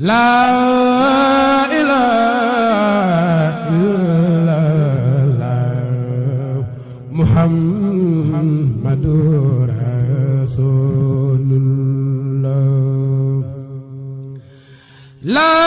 la ilaaha illallaah muhammadu rasuulullaah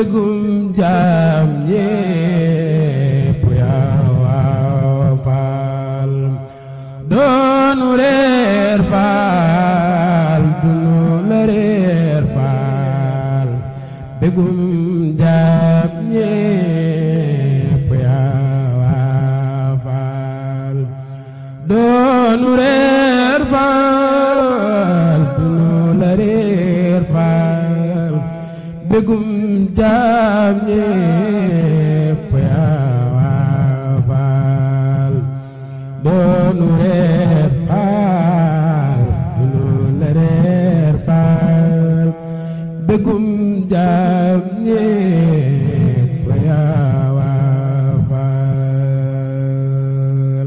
mbégum jaam yépp yaa waaw faal doonu reer faal dunu la reer faal mbégum jaam yépp yaa waaw faal jaam ñépp yaa waa faal doonu reer faal doonu reer faal bëggum jaam ñépp yaa waa faal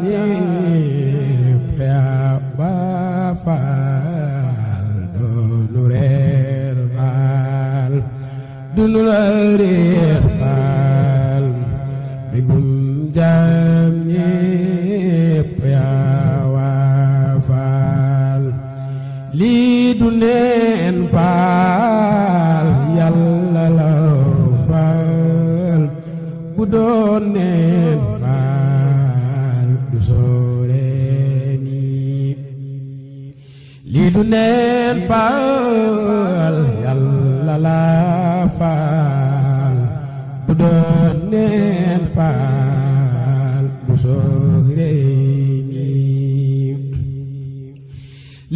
دون الأريح فال بكم جميع يا وفال لي دون فال يلا لو فال بدون فال بسورني لي دون فال يلا لا faal bu doon neen faal bu sooree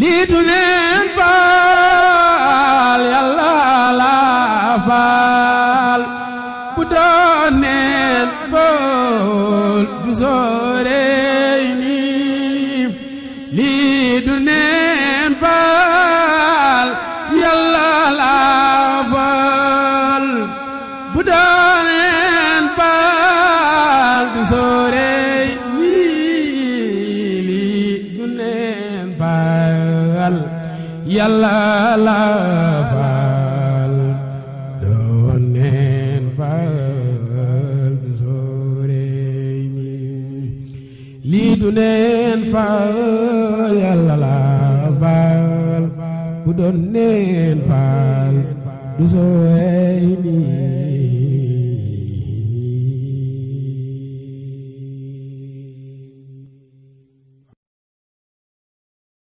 liitu neen faal yàlla la faal bu doon neen faal bu sooree liitu neen yàlla la faal doon neen faal du sooree mi lii du neen faal yàlla la faal bu doon neen faal du sooree mi